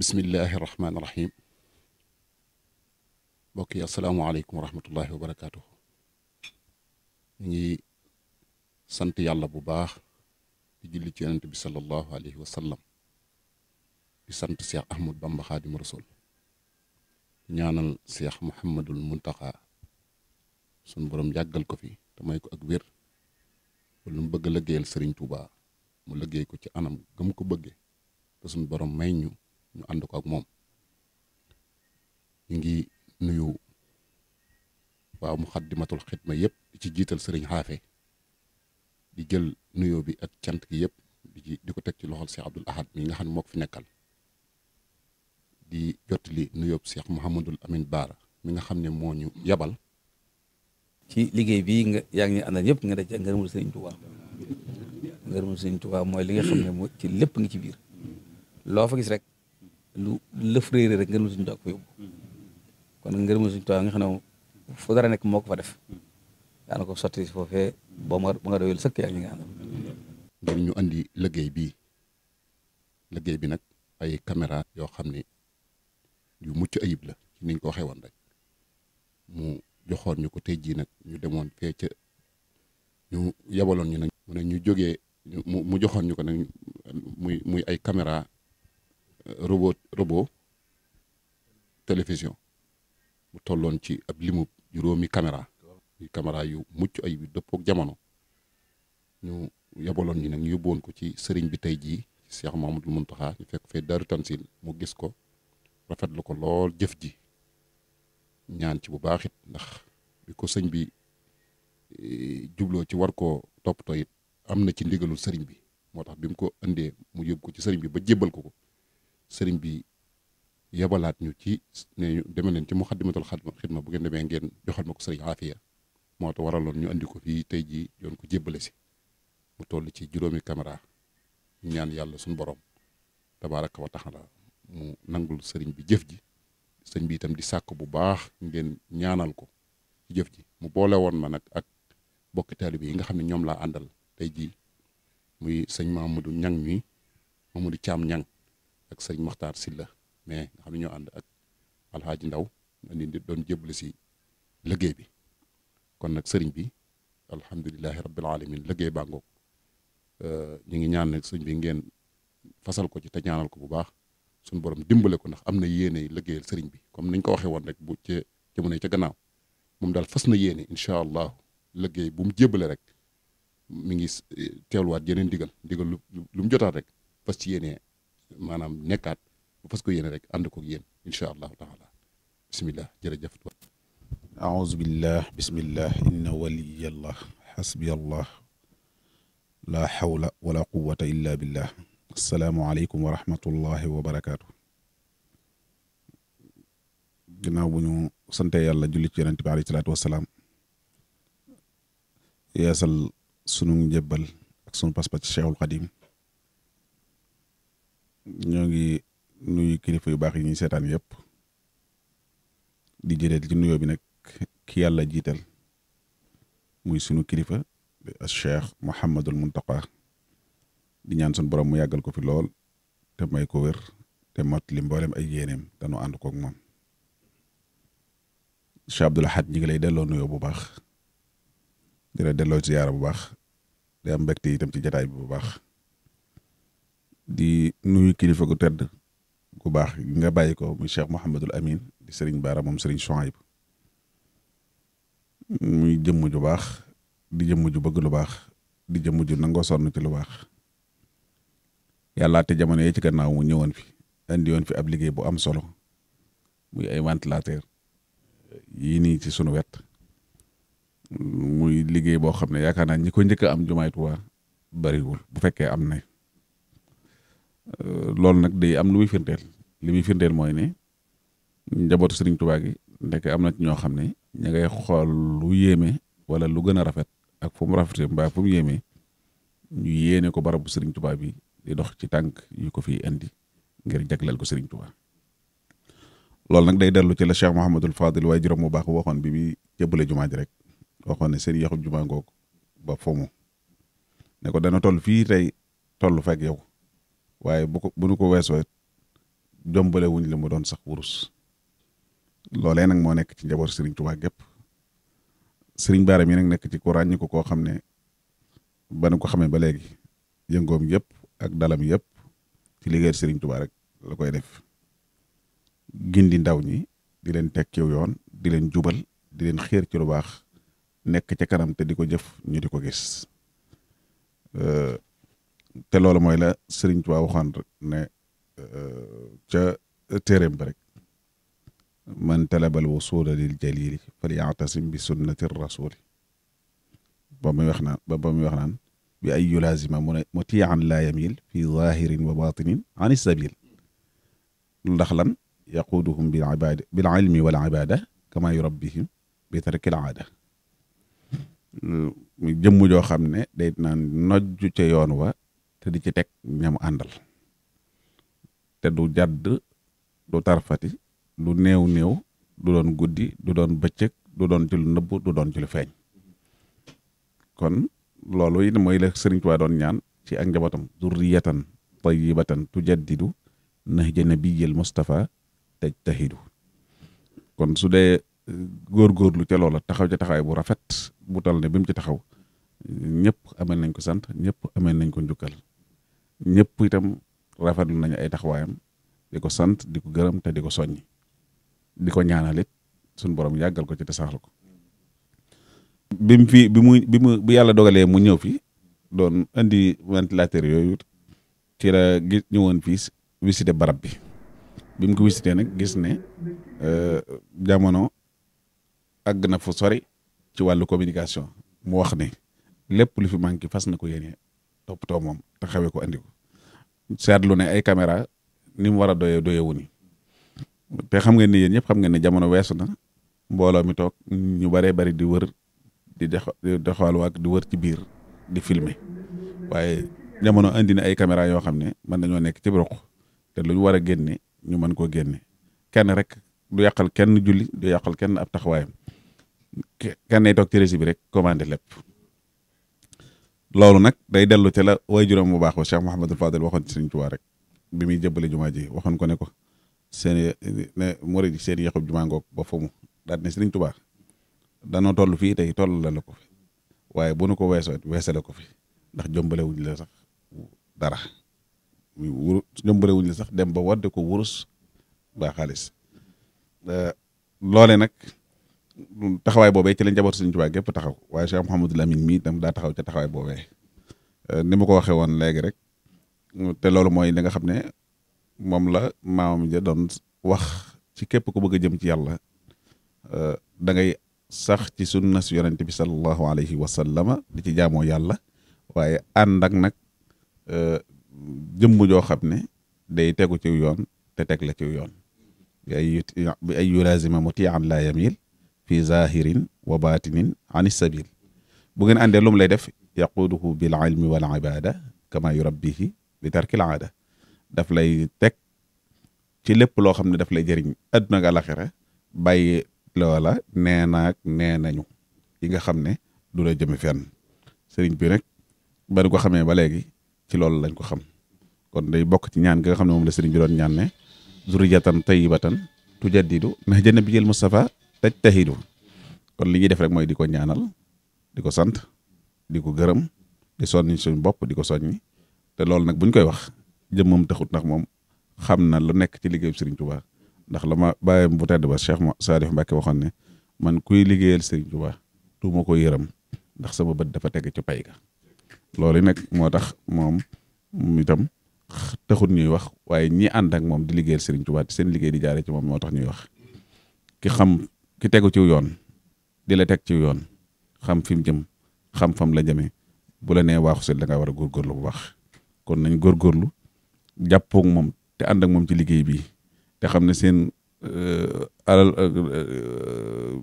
bismillahi rahmaani rahim mbokk yi asalaamaaleykum wa rahmatullahi wa barakaatu. ñu ngi sant yàlla bu baax di julli ci yonent bi sallallahu alayhi wa sallam di sant Cheikh Ahmad Bamba Xaadimu Rasul ñaanal Cheikh Mouhamadul Muntaxa sunu borom yàggal ko fi te may ko ak wér wala mu bëgg a lëggéeyal Serigne mu lëggéey ko ci anam gëm ko bëggee te sunu borom may ñu. ñu ànd ko ak moom ñu ngi nuyu waaw mu xaddimatul xidma yëpp di ci jiital sëriñ xaafe di jël nuyoo bi ak cant gi yëpp di di ko teg ci loxol seex Abdoul Ahad mi nga xam ne moo ko fi nekkal di jottali nuyoo Cheikh Mouhamadul Amin Baara mi nga xam ne moo ñu yabal. ci liggéey bii nga yaa ngi ñu àndal yëpp nga daj ngërëmul sëriñ Tuubaa ngërëmul sëriñ Tuubaa mooy li nga xam ne moo ci lépp ngi ci biir loo fa gis rek lu lëf réeré rek ngërëmal suñu Tuubaa ko yóbbu kon ngërëmal suñu Tuubaa fu dara nekk moo ko fa def daana ko sotti si foofee ba ma ba nga doyul sëkk ak ñi nga ñu andi liggéey bii liggéey bi nag ay caméra yoo xam ne yu mucc ayib la ci niñ ko waxee woon rek mu joxoon ñu ko tey jii nag ñu demoon fee ca ñu yabaloon ñu nag mu ne ñu jógee mu joxoon ñu ko nag muy muy ay caméra robot robot télévision mu tolloon ci ab limub juróomi caméra yu mucc ay yu dëppook jamono ñu yabaloon ñu nag ñu yóbboon ko ci sëriñ bi tey jii Cheikh Mamadou Mountakha ñu fekk fee Daaru Tansil mu gis ko rafetlu ko lool jëf ji ñaan ci bu baaxit ndax bi ko sëñ bi e, jubloo ci war ko toppatoo it am na ci ndigalul sëriñ bi moo tax bi mu ko indee mu yóbbu ko ci sëriñ bi ba jébbal ko ko sëriñ bi yebalaat ñu ci ne deme leen ci muxaddimatul xidma bu ngeen demee ngeen joxal ma ko sëriñ Afia moo tax waraloon ñu andi ko fii tey jii doon ko jébbale si mu toll ci juróomi caméra ñaan yàlla suñu boroom tabaaraka wa taxala mu nangul sëriñ bi jëf ji sëriñ bi itam di sàkk bu baax ngeen ñaanal ko jëf ji mu boole woon ma nag ak bokki taalibe yi nga xam ne ñoom laa àndal tey jii muy sëñ ma Mamadou Ñang mi Mamadou Caam Ñang ak sëriñ Maxtaar Silla mais nga xam ne ñoo ànd ak alxaaji Ndaw andi di doon jébbalu si liggéey bi kon nag sëriñ bi alhamdulilahi rabbil alamin liggéey baa ngoog euh, ñu ngi ñaan nag sëriñ bi ngeen fasal ko ci te ñaanal ko bu baax suñ borom dimbale ko ndax am na yéene liggéeyal sëriñ bi comme niñ ko waxee woon rek bu ca ne ci gannaaw moom daal fas na yéene incha allah liggéey bu mu jébbale rek mu ngi teeluwaat yeneen digal digal lu mu jotaat rek fas ci yéene maanaam nekkaat parce que yéen rek ànd allah yéen incha allahu taala bismillah jërëjëf aouzu billah bismillah inna waliyallah xasbi la xawla wala quwata illa billah asalaamualeykum wa rahmatullahi wa barakaatu ginnaaw bu ñu sante yàlla julli ci yonente bi alayhi salaatu wasalaam yeesal sunu njëbbal ak ci ñoo ngi nuyu kilifa yu baax yi ñuy seetaan yëpp di jëlee ci nuyoo bi nag ki yàlla jiital muy sunu kilifa Cheikh Mouhamadul Muntaqa di ñaan sun borom mu yàggal ko fi lool te may ko wér te mot li mboolem ay yéeneem te nu ànd koog moom Cheikh Abdoul Ahad ñi ngi lay delloo nuyoo bu baax di la delloo ziyaara bu baax di am yi itam ci jataay bi bu baax. di nuyu kilifa gu tedd gu baax nga bàyyi ko mu Cheikh Mouhamadul Amin di Serigne Baara moom Serigne Chouaib muy jëmm ju baax di jëmm ju bëgg lu baax di jëmm ju nango sonn ci lu baax yàllaa te jamono yee ci gannaaw mu ñëwoon fi andi yoon fi ab liggéey bu am solo muy ay ventilateur yii nii si sunu wet muy liggéey boo xam ne yaakaar naa ñi ko njëkk am jumaay Tuubaa bariwul bu fekkee am na Euh, loolu nag day am lu muy firndeel li muy firndeel mooy ne njabootu Serigne Touba gi ndek am na ci ñoo xam ne ña ngay xool lu yéeme wala lu gën a rafet ak fu mu rafetee mbaa fu mu yéeme yéene ko barabu Serigne Touba bi di dox ci tànk yu ko fiy indi ngir jagleel ko Serigne Touba. loolu nag day dellu ci la Cheikh Mouhamadul Fadil waaye juróom bu baax waxoon bi bi jébbale jumaa ji rek waxoon ne seen yaxu jumaa ngoog ba fomu ne ko dana toll fii tey toll fekk yow. waaye bu ko bu ko weesoo jombale wuñ li mu doon sax wurus loolee nag moo nekk ci njaboot Serigne Touba gépp Serigne Bara mi nag nekk ci ku ràññi ko koo xam ne ba nu ko xamee ba léegi yëngoom yëpp ak dalam yépp ci liggéeyal Serigne Touba rek la koy def gindi ndaw ñi di leen teg ciw yoon di leen jubal di leen xiir ci lu baax nekk ca kanam te di ko jëf ñu di ko gis. te loolu mooy la Sëriñ Tuubaa waxoon ne euh, ca téeréem ba rek man talabal wusula lil jalili fal yactasim bi sunnati rasuli ba muy wax naan ba ba muy wax naan ay yulaazima mu ne mutiian laa yamil fi zahirin wa batinin an isabil ndax lan yaquuduhum bil ibaada bil ilmi wal ibaada kama jëmm joo xam ne day naan nojj ca yoon wa te di ci teg ñamu àndal te du jàdd du tarfati lu néew néew du doon guddi du doon bëccëg du doon ci lu nëbb du doon ci feeñ kon loolu yi na mooy la Sëriñ Tuubaa doon ñaan ci ak njabootam zurriyatan tayyibatan tujaddidu nahja nabiyyil te tajtahidu kon su dee góor eh, góorgóorlu ca loola taxaw ca taxawaay bu rafet bu tal ne bi ci taxaw ñëpp amel nañ ko sant ñëpp amee nañ ko njukkal ñëpp itam rafetlu nañu ay taxawaayam di ko sant di ko gërëm te di ko soññ di ko ñaanalit suñu borom yàggal ko ci te saxal ko bi fi bi mu bi mu yàlla dogalee mu ñëw fi doon indi ventilateur yooyu ci la gis ñëwoon fii visité barab bi bim ko visité nag gis ne euh, jamono àgg na fu sori ci wàllu communication mu wax ne lépp lu fi manqué fas na ko yéene toppatoo moom te xewee ko andi ko seetlu ne ay caméra ni mu war a doyee doyewu ni te xam nga ni yéen ñëpp xam nga ne jamono weesu na mbooloo mi toog ñu baree bari di wër di doxal waak di wër ci biir di filmer waaye jamono andi na ay caméra yoo xam ne mën nañoo nekk ci roq te lu ñu war a génne ñu mën koo génne kenn rek du yàqal kenn julli du yàqal kenn ab taxawaayam kenn nay toog ci régie bi rek commandé lépp. loolu nag day dellu ci la way juróom bu baax ba Cheikh Mouhamadul Fadil waxoon ci Sëriñ Tuubaa rek bi muy jëbbale jumaa ji waxoon ko ne ko seen ne murid seen yéexub jumaa ngoog ba fa mu daal ne Sëriñ Tuubaa danoo tollu fii tey toll la la ko fi waaye bu nu ko weesoo weesale ko fi ndax jombale wuñ la sax dara wur wuñ la sax dem ba wadde ko wurus ba xaalis eh, loole nag taxawaay boobee ci la njabootu Sëriñ Tuubaa gépp taxaw waaye Cheikh Mouhamadul Amine mii tam daa taxaw ca taxawaay boobee euh, ni ma ko waxee woon léegi rek te loolu mooy li nga xam ne moom la maamam ja doon wax ci képp ku bëgg a jëm ci yàlla euh, da ngay sax ci sunna si yonente bi sallallahu alayhi wa sallama di ci jaamoo yàlla waaye ànd ak nag euh, jëmm joo xam ne day tegu ciw yoon te teg la ciw yoon bi ay yulaazima mutii'an laa yamiil fi zahirin wa batinin anis sabil bu ngeen àndee lu lay def yaquduhu bil ilmi wal ibada kama yurabbihi bi tarkil aada daf lay teg ci lépp loo xam ne daf lay jëriñ adduna ak alaxira bàyyi loola nee naag yi nga xam ne du la jëme fenn sëriñ bi rek ba ko xamee ba léegi ci loolu lañ ko xam kon day bokk ci ñaan gi nga xam ne moom la sëriñ bi doon ñaan ne zurriyatan tayyibatan tujaddidu nahja nabiyil Mustafa tajtahidu kon li ñuy def rek mooy di ko ñaanal di ko sant di ko gërëm di soññ suñ bopp di ko soññi te loolu nag buñ koy wax jëmmam taxut nag moom xam na lu nekk ci liggéeyu Serigne Touba ndax la ma bàyyam bu tedd ba Cheikh Salif Mbacke waxoon ne man kuy liggéeyal Serigne Touba tuuma ko yërëm ndax sama bët dafa teg ci payka ga loolu nag moo tax moom itam taxut ñuy wax waaye ñi ànd ak moom di liggéeyal Serigne Touba seen liggéey di jaaree ci moom moo tax ñuy wax ki xam ki tegu ci yoon di la teg ci yoon xam fi mu jëm xam fam la jëmee bu la nee waaxu set da ngaa war a góorgóorlu bu baax kon nañ góorgóorlu jàppoog moom te ànd ak moom ci liggéey bi te xam ne seen euh, alal euh, euh,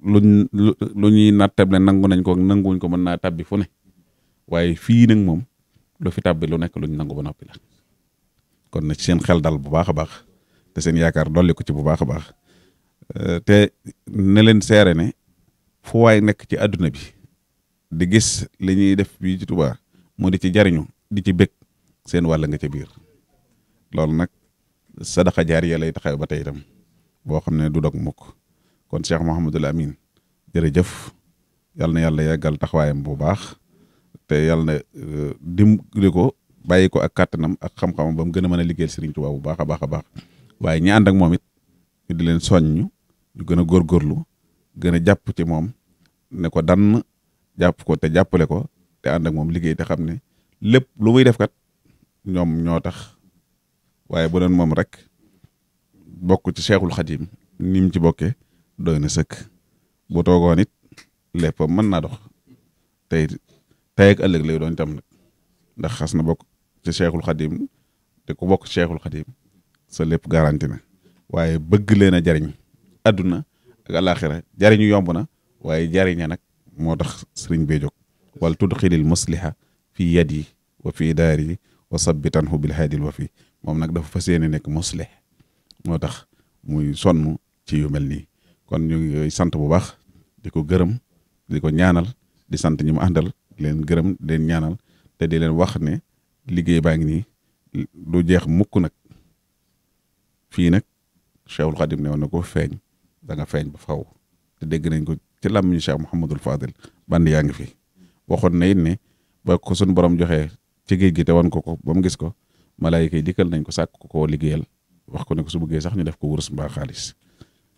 luñ lu ñuy nattable nangu nañ ko nanguwuñ ko mën naa tàbbi fu ne waaye fii nag moom lu fi tàbbi lu nekk luñ nangu ba noppi la kon na seen xel dal bu baax a baax te seen yaakaar dolli ko ci bu baax a baax te ne leen seere ne fu waay nekk ci àdduna bi di gis li ñuy def bii ci mu di ci jariñu di ci bëgg seen walla nga ca biir loolu nag sadaxa jaariya lay taxaw ba tey itam boo xam ne du dog mukk kon Cheikh Mouhamadul Amin jërëjëf yal na yàlla yàggal taxawaayam bu baax te yal na uh, dimbali ko bàyyi ko ak kattanam ak xam-xamam ba mu gën a mën a liggéeyal Serigne Touba bu baax a baax a baax waaye ñi ànd ak moom it di leen soññ ñu gën a góorgóorlu gën jàpp ci moom ne ko dann jàpp ko te jàppale ko te ànd ak moom liggéey te xam ne lépp lu muy def kat ñoom ñoo tax waaye bu doon moom rek bokk ci Cheikhul xadim ni ci bokkee doy na sëkk bu toogoon it lépp mën naa dox tey tey ak ëllëg lay doon tam nag ndax xas na bokk ci Cheikhul Khadim te ku bokk ci Cheikhul Khadim sa lépp garanti na waaye bëgg leena a jariñ àdduna ak alaxira yomb na waaye jariña nag moo tax sëriñ bee jóg wala tudd xilil musliha fi yad yi wa fi idaari yi wa sabbitanhu bil haadil wa fi moom nag dafa fa yéene nekk muslih moo tax muy sonn ci yu mel nii kon ñu sant bu baax di ko gërëm di ko ñaanal di sant ñi mu àndal leen gërëm di leen ñaanal te di leen wax ne liggéey baa ngi nii du jeex mukk nag fii nag Cheikhul Xadim ne woon ko feeñ da nga feeñ ba faw te dégg nañ ko ci làmmiñu Cheikh Mouhamadul Fadil band yaa ngi fi waxoon na it ne ba ko suñu borom joxe ci géej gi te wan ko ko ba mu gis ko malaayika yi dikkal nañ ko sàkk ko ko liggéeyal wax ko ne ko su bëggee sax ñu def ko wurus mbaa xaalis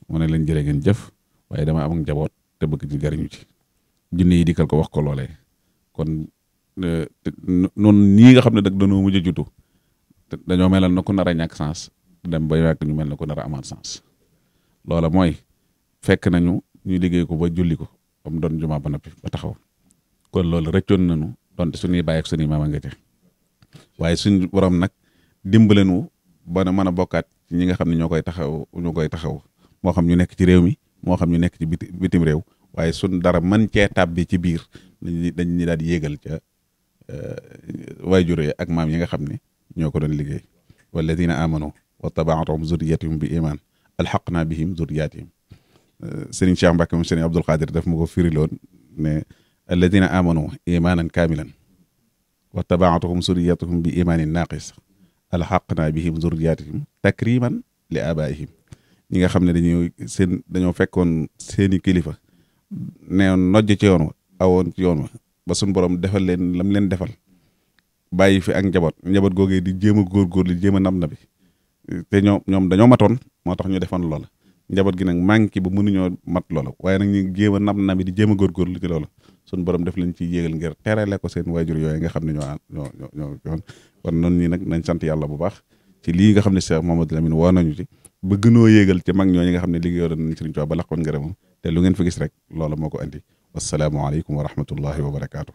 mu ne leen jërë ngeen jëf waaye dama am ak njaboot te bëgg ñu jariñu ci junne yi dikal ko wax ko loole kon noonu ni nga xam ne nag dañoo mujj a jutu dañoo melal na ko nar a ñàkk sens dem ba yàgg ñu mel na ko nar a amaat loola mooy fekk nañu ñu liggéey ko ba julli ko ba mu doon jumaa ba noppi ba taxaw kon loolu rëccoon nañu donte suñuy bàyyi ak suñuy maam a nga ca waaye suñ borom nag dimbale nu ba mën a bokkaat ci ñi nga xam ne ñoo koy taxaw koy taxaw moo xam ñu nekk ci réew mi moo xam ñu nekk ci biti bitim réew waaye suñ dara man cee tàbbi ci biir dañ ñu daal di yéegal ca euh, waajur yi ak maam yi nga xam ne ñoo ko doon liggéey walladina amanu wa tabaatuhum zurriyatuhum bi iman alxaqna bihim zurriyatihim sëriñ Cheikh Mbacke moom sëriñ Abdul Qadir daf ma ko firiloon ne alladina amanu imanan kaamilan wa tabaatuhum zurriyatuhum bi imaanin naaqis alxaqna bihim zurriyatihim takriman li abaihim ñi nga xam ne dañuy seen dañoo fekkoon seeni kilifa ne nojj ci yoon awoon ci yoon wa ba suñ borom defal leen lam leen defal bàyyi fi ak njaboot njaboot googee di jéem a góorgóorlu jéem a nam na bi te ñoom ñoom dañoo matoon moo tax ñu defoon loola njaboot gi nag manqué ba mënuñoo mat loola waaye nag ñu jéem a nab nabi di jéem a góorgóorlu ci loola suñu borom def lañ ciy yéegal ngir terale ko seen waajur yooyu nga xam ne ñoo ñoo ñoo ñoo kon noonu ñi nag nañ sant yàlla bu baax ci lii nga xam ne Cheikh Mamadou Lamine woo nañu ci ba gënoo yéegal ci mag ñooñu nga xam ne liggéeyoon nañ Sëriñ Tuubaa ba laqoon ngërëmam te lu ngeen fa gis rek loola moo ko andi wasalaamaaleykum wa rahmatullahi wa barakaatu